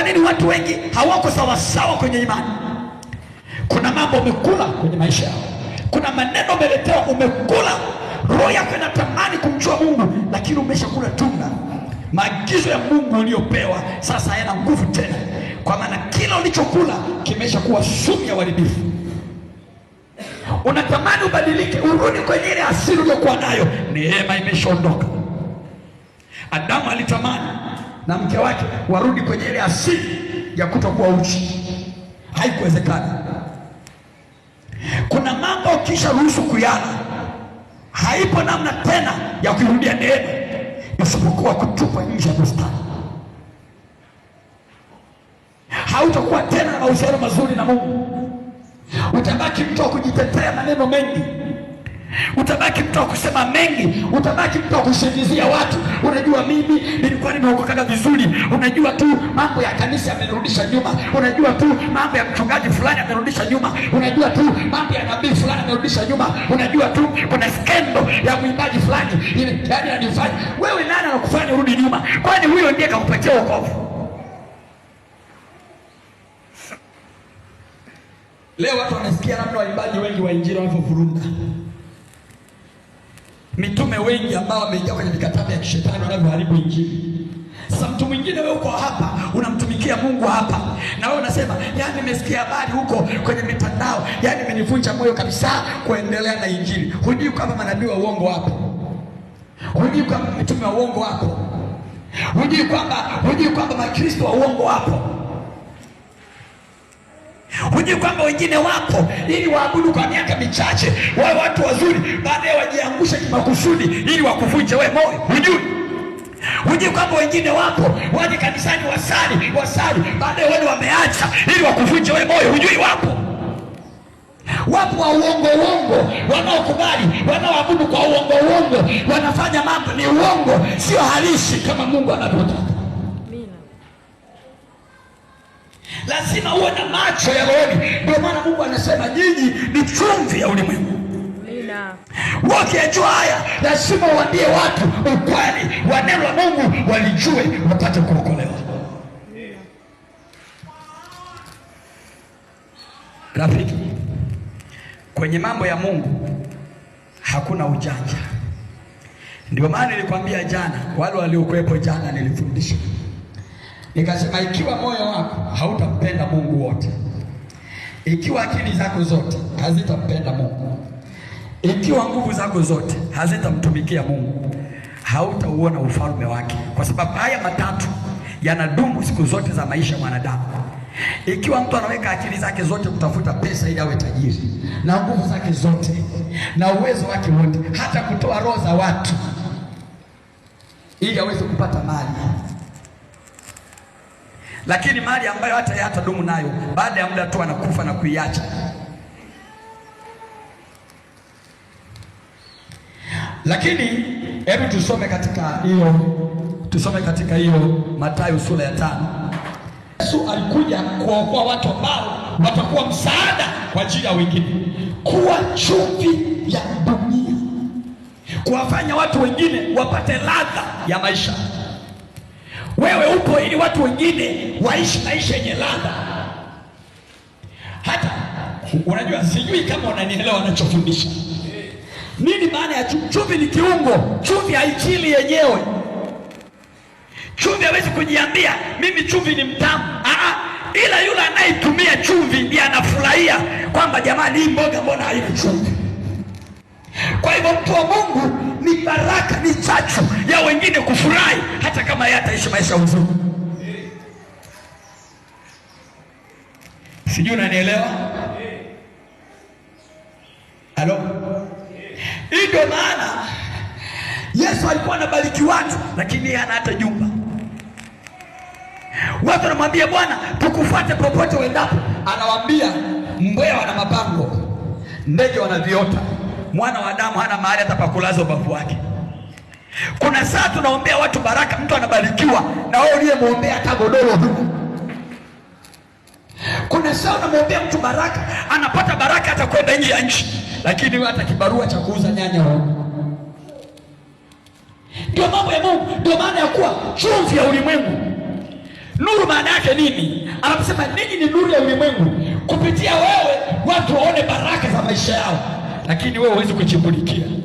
Kwa nini watu wengi hawako sawasawa kwenye imani? Kuna mambo umekula kwenye maisha yao, kuna maneno umeletewa, umekula. Roho yako inatamani kumjua Mungu, lakini umeshakula tunda. Maagizo ya Mungu uliyopewa sasa hayana nguvu tena, kwa maana kila ulichokula kimeshakuwa sumu ya uharibifu. Unatamani ubadilike, urudi kwenye ile asili uliyokuwa nayo, neema imeshaondoka. Adamu alitamani na mke wake warudi kwenye ile asili ya kutokuwa uchi. Haikuwezekana. Kuna mambo ukisha ruhusu kuyana, haipo namna tena ya kuirudia neema isipokuwa kutupa nje ya bustani. Hautakuwa tena na uhusiano mazuri na Mungu, utabaki mtu wa kujitetea maneno mengi. Utabaki mtu wa kusema mengi, utabaki mtu wa kushingizia watu. Unajua mimi nilikuwa nimeokokaga vizuri, unajua tu mambo ya kanisa yamenirudisha nyuma, unajua tu mambo ya mchungaji fulani amerudisha nyuma, unajua tu mambo ya nabii fulani amerudisha nyuma, unajua tu kuna skendo ya mwimbaji fulani yaani anifanya wewe. Nani anakufanya urudi nyuma? Kwani huyo ndiye kakupatia wokovu? Leo watu wanasikia namna waimbaji wengi wa injili wanavyovuruga mitume wengi ambao wameingia kwenye mikataba ya kishetani wanavyoharibu Injili. Sasa mtu mwingine wewe uko hapa unamtumikia Mungu hapa, na wewe unasema yaani, nimesikia habari huko kwenye mitandao, yaani imenivunja moyo kabisa kuendelea na Injili. Hujui kama manabii wa uongo wapo, hujui kama mitume wa uongo wapo, hujui kwamba hujui kwamba makristo wa uongo wapo. Hujui kwamba wengine wapo ili waabudu kwa miaka michache, wawe watu wazuri, baadaye wajiangushe kimakusudi ili wakuvunje wewe moyo. Hujui hujui kwamba wengine wapo waje kanisani wasali wasali, baadaye wale wameacha ili wakuvunje wewe moyo. Hujui wapo wapo wa uongo uongo, wanaokubali wanaoabudu kwa uongo uongo, wanafanya mambo ni uongo, sio halisi kama Mungu anavyotaka. lazima uwe na macho ya rohoni. Ndio maana Mungu anasema nyinyi ni chumvi ya ulimwengu. Wakijua haya, lazima uambie watu ukweli wa neno la Mungu, walijue wapate kuokolewa. Rafiki, kwenye mambo ya Mungu hakuna ujanja. Ndio maana nilikwambia jana, wale waliokuwepo jana nilifundisha Nikasema ikiwa moyo wako hautampenda Mungu wote, ikiwa akili zako zote hazitampenda Mungu, ikiwa nguvu zako zote hazitamtumikia Mungu, hautauona ufalme wake, kwa sababu haya matatu yanadumu siku zote za maisha ya mwanadamu. Ikiwa mtu anaweka akili zake zote kutafuta pesa ili awe tajiri na nguvu zake zote na uwezo wake wote, hata kutoa roho za watu ili aweze kupata mali lakini mali ambayo hata yeye dumu nayo, baada ya muda tu anakufa na kuiacha. Lakini hebu tusome katika hiyo, tusome katika hiyo Mathayo sura ya tano. Yesu alikuja kuwaokoa watu ambao watakuwa msaada kwa ajili ya wengine, kuwa chumvi ya dunia, kuwafanya watu wengine wapate ladha ya maisha. Wewe upo ili watu wengine waishi maisha yenye ladha. Hata unajua, sijui kama unanielewa anachofundisha nini. Maana ya chumvi ni kiungo, chumvi haichili yenyewe. Chumvi hawezi kujiambia mimi chumvi ni mtamu, ila yule anayetumia chumvi ndiye anafurahia kwamba jamani, hii mboga mbona haina chumvi? Kwa hivyo mtu wa Mungu ni baraka, ni chachu ya wengine naye ataishi maisha ya huzuni. Sijui unanielewa? Halo? Hii ndio maana Yesu alikuwa anabariki watu, lakini yeye hata jumba. Watu wanamwambia Bwana, tukufuate popote uendapo. Anawaambia mbweha wana mapango, ndege wana viota, mwana wa Adamu hana mahali hata pa kulaza ubavu wake. Kuna saa tunaombea watu baraka, mtu anabarikiwa na wewe uliyemwombea hata godoro huko. Kuna saa unamwombea mtu baraka, anapata baraka hata kwenda nje ya nchi, lakini wewe hata kibarua cha kuuza nyanya huko. Ndio mambo ya Mungu, ndio maana ya kuwa chumvi ya ulimwengu. Nuru maana yake nini? Anaposema ninyi ni nuru ya ulimwengu, kupitia wewe watu waone baraka za maisha yao, lakini wewe huwezi kuchimbulikia